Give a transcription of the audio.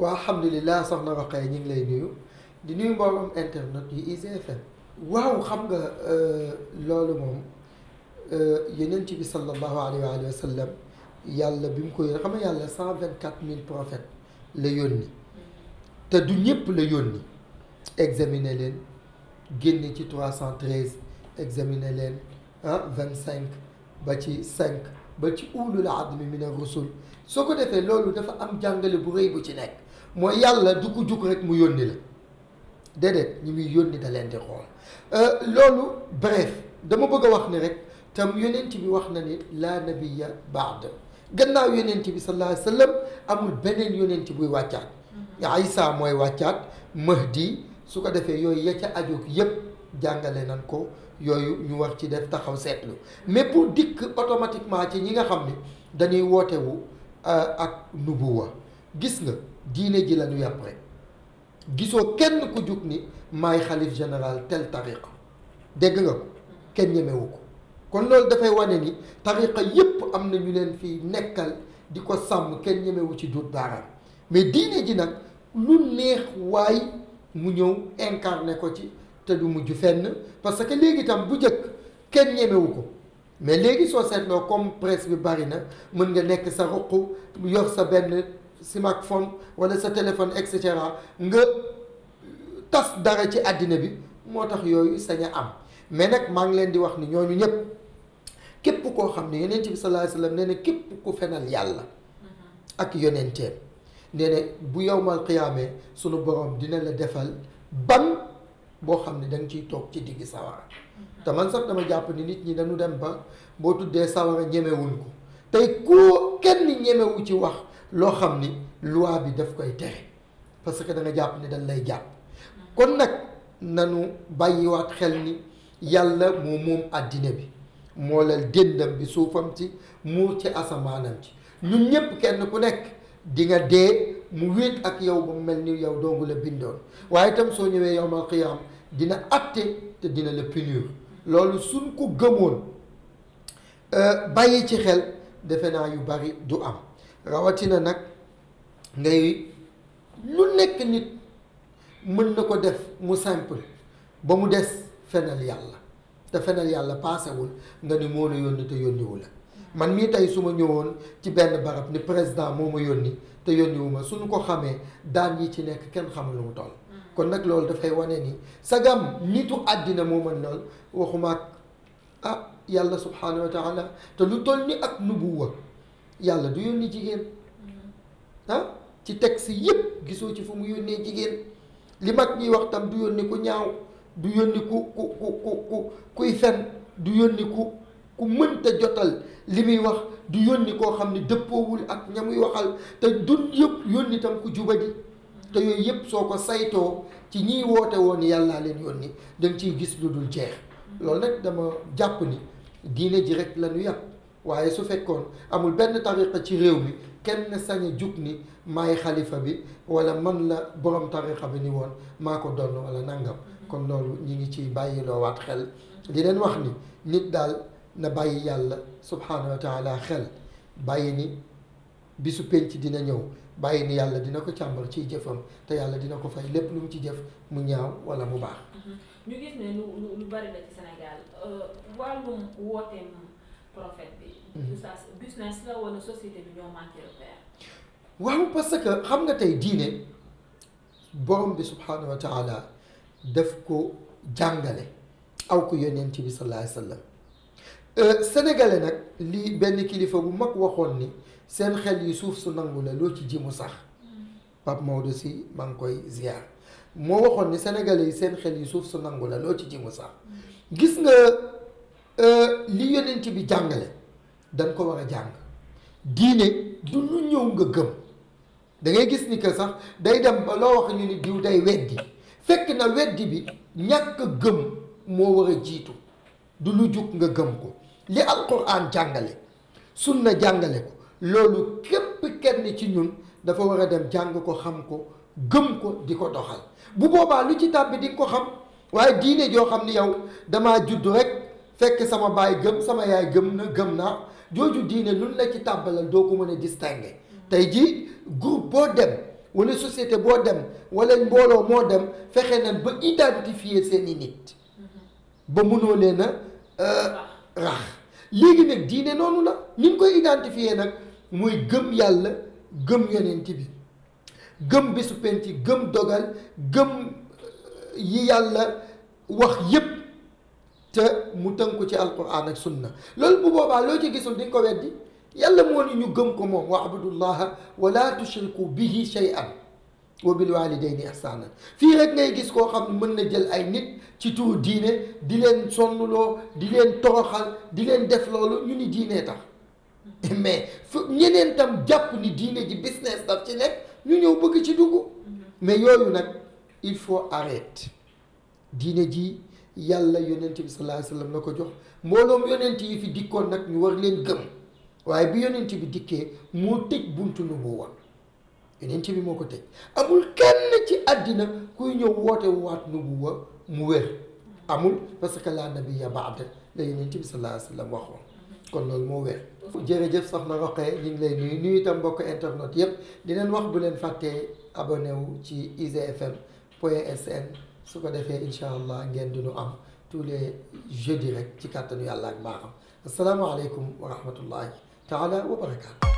والحمد لله صحنا رقاي ني لاي نيو دي نيو بوروم انترنت يي اي اف ام واو خمغا لولو موم يننتي بي صلى الله عليه وعلى وسلم يالا بيمكو خما يالا 124000 بروفيت لا يوني تا دو نييب لا يوني اكزامينا 313 اكزامينا لين 25 ba ci 5 ba ci ulul adm min ar rusul soko defé lolou dafa am jangale bu reuy bu ci nek moo yàlla du ko jug rek mu yónni la déedéet ñi muy yónni da leen di xool euh, loolu bref dama bëgg a wax ni rek tam yonent bi wax na ni laa baax baad gannaaw yonent bi sallallahu alayhi amul beneen yonent buy wàccaat mm-hmm. Isa mooy wàccaat Mahdi su ko defee yooyu ya ca aju yépp jàngale nan ko yooyu ñu war ci def taxaw seetlu mais pour dikk automatiquement ci ñi nga xam ni dañuy wootewu euh, ak nubuwa gis nga diine ji la ñu yàpp gisoo kenn ku jug ni maay xalif général tel tariqa dégg nga ko kenn ñemewu ko kon loolu dafay wane ni tariqa yépp am na ñu leen fi nekkal di ko sàmm kenn ñemewu ci mais diine ji nag lu neex waay mu ñëw incarné ko ci te du mujj fenn parce que léegi tam bu jëkk kenn ñemewu ko mais léegi soo seetloo comme presse bi bari na mën nga nekk sa ruq yor sa benn smartphone wala sa téléphone et cetera nga tas dara ci àddina bi moo tax yooyu saña am mais nag maa ngi leen di wax ni ñooñu ñëpp képp koo xam ne yonent bi sallallahu alayhi wasallam nee na képp ku fenal yàlla ak yonenteem nee na bu yowmal xiyaamee sunu borom dina la defal ban boo xam ne danga ciy toog ci digg sawara te man sax dama jàpp ni nit ñi dañu dem ba boo tuddee sawara ñemewuñ ko tey koo kenn ñemewu ci wax loo xam ni loi bi daf koy tere parce que da jàpp ni dañ lay jàpp kon nag nanu bàyyiwaat xel ni yàlla moo moom àddina bi moo lal dëndam bi suufam ci muur ci asamaanam ci ñun ñépp kenn ku nekk di nga dee mu wéet ak yow ba mu mel ni yow dong la bindoon waaye itam soo ñëwee yowmal qiyaam dina atte te dina la punir loolu suñ ko gëmoon euh, bàyyi ci xel defe naa yu bari du am rawatina nag ngay lu nekk nit mën na ko def mu simple ba mu des fenal yàlla te fenal yàlla paasewul nga ni moo la yónni te yónniwu la man mii tey su ma ñëwoon ci benn barab ni président moo ma yónni te yónniwu ma suñu ko xamee daan yi ci nekk kenn xamul lu mu toll kon nag loolu dafay wane ni sagam nitu àddina moo mën lool waxuma ak ah yàlla subhanahu wa te lu toll ni ak nubuwa yàlla du yónni jigéen mm. ah, ci teg si yëpp gisoo ci fu mu yónnee jigéen li mag ñuy wax tam du yónni ku ñaaw du yónni ku ku ku kuy fen du yónni ku ku mënta jotal li muy wax du yónni koo xam ne dëppoowul ak ña muy waxal te du yëpp yónni tam ku jubadi mm. te yooyu yëpp soo ko saytoo ci ñiy woote woon yàlla leen yónni da ciy gis lu dul jeex mm. loolu nag dama jàpp ni diine ji rek la ñu yàpp waaye su fekkoon amul benn tariqa ci réew mi kenn sañ a jug ni maay xalifa bi wala man la borom tariqa bi ni woon maa ko donn wala nangam kon loolu ñi ngi ciy bàyyiloowaat xel di leen wax ni nit daal na bàyyi yàlla subhanahu wa taala xel bàyyi ni bisu penc dina ñëw bàyyi ni yàlla dina ko càmbar ci jëfam te yàlla dina ko fay lépp lu mu ci jëf mu ñaaw wala mu baax. ñu gis ne lu lu bari na ci Sénégal walum wooteem profit bi. business la wala société bi ñoo manqué repère. waaw parce que xam nga tey diine borom bi subhanahu wa taala daf ko jàngale. aw ko yonent bi sallallahu alayhi wasallam sénégalais nag lii benn kilifa bu mag waxoon ni seen xel yi suuf su nangu la loo ci ji mu sax Pape Maodo si maa ngi koy ziar moo waxoon ni sénégalais yi seen xel yi suuf su nangu la loo ci ji mu sax gis nga. Euh, li yonent bi jàngale dañ ko war a jàng diine du lu ñëw nga gëm da gis ni que sax day dem ba loo wax ñu ni diw day weddi fekk na weddi bi ñàkk gëm moo war a jiitu du lu jug nga gëm ko li alquran jàngale sunna jàngale ko loolu képp kenn ci ñun dafa war a dem jàng ko xam ko gëm ko di ko doxal bu boobaa lu ci tàbbi di ko xam waaye diine joo xam ni yow dama judd rek fekk sama baay gëm sama yaay gëm na gëm naa jooju diine lu la ci tàbbalal doo ko mën a tey jii groupe boo dem wala societé boo dem walla mbooloo moo dem fexe nañ ba identifier seeni nit ba mënoo leen a euh, rax léegi nag diine noonu la ni koy identifier nag mooy gëm yàlla gëm yonent bi gëm bisu penti gëm dogal gëm euh, yi yàlla wax yépp te mu tënku ci alquran ak sunna loolu bu boobaa loo ci gisul di nga ko weddi yàlla moo ni ñu gëm ko moom wa wa la tushriku bihi shay'an wa bil walidayni ihsanan fii rek ngay gis koo xam ne mën na jël ay nit ci turu diine di leen sonnloo di leen toroxal di leen def loolu ñu ni diine tax mais ñeneen tam jàpp ni diine ji business daf ci nekk ñu ñëw bëgg ci dugg mais yooyu nag il faut arrêter diine ji yàlla yonent bi sallallahu alayhi wa sallam na ko jox mbooloom yonent yi fi dikkoon nag ñu war leen gëm waaye bi yonent bi dikkee moo tëj buntu nu mu woon yonent bi moo ko tëj amul kenn ci àddina kuy ñëw woote waat nu bu wa mu wér amul parce que la nabiyya ba'da la yonent bi sallallahu alayhi wa waxoon kon loolu moo wér jërëjëf soxna Roqee ñu ngi lay nuyu nuyu tam mbokk internet yépp di leen wax bu leen fàttee abonné wu ci IGFM point sn su ko defee incha allah ngeen di nu am tous les jeudis rek ci kàttanu yàlla ak maaxam asalaamaaleykum wa rahmatullahi taala wa barakaatu.